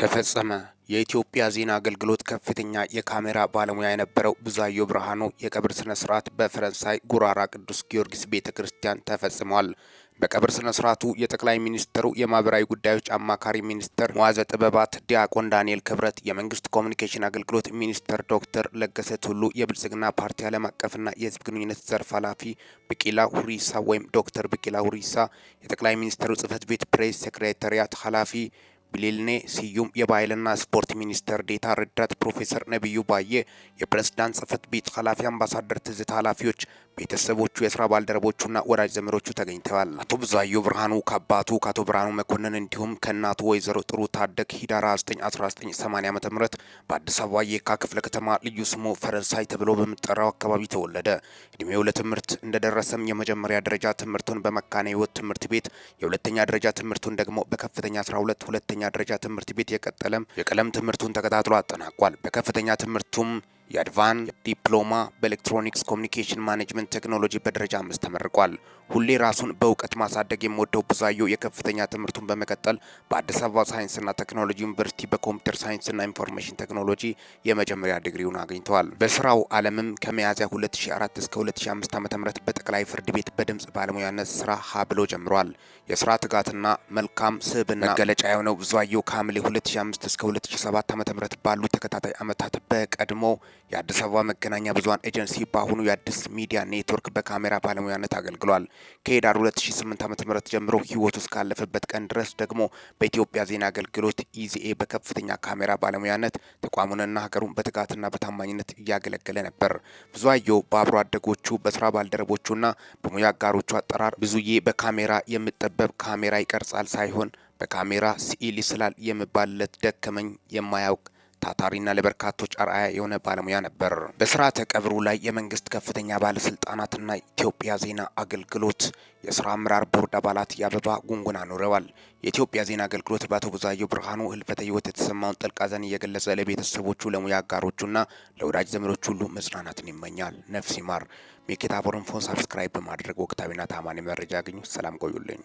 ተፈጸመ። የኢትዮጵያ ዜና አገልግሎት ከፍተኛ የካሜራ ባለሙያ የነበረው ብዛዮ ብርሃኑ የቀብር ስነ ስርዓት በፈረንሳይ ጉራራ ቅዱስ ጊዮርጊስ ቤተ ክርስቲያን ተፈጽሟል። በቀብር ስነ ስርዓቱ የጠቅላይ ሚኒስትሩ የማህበራዊ ጉዳዮች አማካሪ ሚኒስትር መዋዘ ጥበባት ዲያቆን ዳንኤል ክብረት፣ የመንግስት ኮሚኒኬሽን አገልግሎት ሚኒስትር ዶክተር ለገሰ ቱሉ፣ የብልጽግና ፓርቲ ዓለም አቀፍና የህዝብ ግንኙነት ዘርፍ ኃላፊ ብቂላ ሁሪሳ ወይም ዶክተር ብቂላ ሁሪሳ፣ የጠቅላይ ሚኒስትሩ ጽህፈት ቤት ፕሬስ ሴክሬታሪያት ኃላፊ ቢሌልኔ ስዩም፣ የባህልና ስፖርት ሚኒስቴር ዴታ ረዳት ፕሮፌሰር ነቢዩ ባዬ፣ የፕሬዝዳንት ጽህፈት ቤት ኃላፊ አምባሳደር ትዝታ ኃላፊዎች፣ ቤተሰቦቹ፣ የስራ ባልደረቦቹና ወዳጅ ዘመዶቹ ተገኝተዋል። አቶ ብዛዩ ብርሃኑ ከአባቱ ከአቶ ብርሃኑ መኮንን እንዲሁም ከእናቱ ወይዘሮ ጥሩ ታደግ ሂዳር 1980 ዓ ም በአዲስ አበባ የካ ክፍለ ከተማ ልዩ ስሙ ፈረንሳይ ተብሎ በሚጠራው አካባቢ ተወለደ። እድሜው ለትምህርት እንደደረሰም የመጀመሪያ ደረጃ ትምህርቱን በመካነ ህይወት ትምህርት ቤት፣ የሁለተኛ ደረጃ ትምህርቱን ደግሞ በከፍተኛ 12 ሁለተኛ ደረጃ ትምህርት ቤት የቀጠለም የቀለም ትምህርቱን ተከታትሎ አጠናቋል። በከፍተኛ ትምህርቱም የአድቫን ዲፕሎማ በኤሌክትሮኒክስ ኮሚኒኬሽን ማኔጅመንት ቴክኖሎጂ በደረጃ አምስት ተመርቋል። ሁሌ ራሱን በእውቀት ማሳደግ የሚወደው ቡዛዮ የከፍተኛ ትምህርቱን በመቀጠል በአዲስ አበባ ሳይንስና ቴክኖሎጂ ዩኒቨርሲቲ በኮምፒውተር ሳይንስና ኢንፎርሜሽን ቴክኖሎጂ የመጀመሪያ ዲግሪውን አግኝተዋል። በስራው ዓለምም ከሚያዝያ 2004 እስከ 2005 ዓ.ም በጠቅላይ ፍርድ ቤት በድምፅ ባለሙያነት ስራ ሀ ብሎ ጀምሯል። የስራ ትጋትና መልካም ስብዕና መገለጫ የሆነው ቡዛዮ ከሐምሌ 2005 እስከ 2007 ዓ.ም ባሉ ተከታታይ ዓመታት በቀድሞ የአዲስ አበባ መገናኛ ብዙሃን ኤጀንሲ በአሁኑ የአዲስ ሚዲያ ኔትወርክ በካሜራ ባለሙያነት አገልግሏል። ከሄዳር 2008 ዓ ም ጀምሮ ህይወቱ እስካለፈበት ቀን ድረስ ደግሞ በኢትዮጵያ ዜና አገልግሎት ኢዜኤ በከፍተኛ ካሜራ ባለሙያነት ተቋሙንና ሀገሩን በትጋትና በታማኝነት እያገለገለ ነበር። ብዙአየሁ በአብሮ አደጎቹ በስራ ባልደረቦቹና በሙያ አጋሮቹ አጠራር ብዙዬ በካሜራ የሚጠበብ ካሜራ ይቀርጻል ሳይሆን በካሜራ ስዕል ይስላል የምባልለት ደከመኝ የማያውቅ ታታሪና ለበርካቶች አርአያ የሆነ ባለሙያ ነበር። በስርዓተ ቀብሩ ላይ የመንግስት ከፍተኛ ባለስልጣናትና ኢትዮጵያ ዜና አገልግሎት የስራ አመራር ቦርድ አባላት የአበባ ጉንጉን አኑረዋል። የኢትዮጵያ ዜና አገልግሎት በአቶ ቡዛየው ብርሃኑ ህልፈተ ህይወት የተሰማውን ጥልቅ ሐዘን እየገለጸ ለቤተሰቦቹ፣ ለሙያ አጋሮቹና ለወዳጅ ዘመዶች ሁሉ መጽናናትን ይመኛል። ነፍስ ይማር። ሚኬታ ቦርንፎን ሳብስክራይብ በማድረግ ወቅታዊና ታማኒ መረጃ ያገኙ። ሰላም ቆዩልኝ።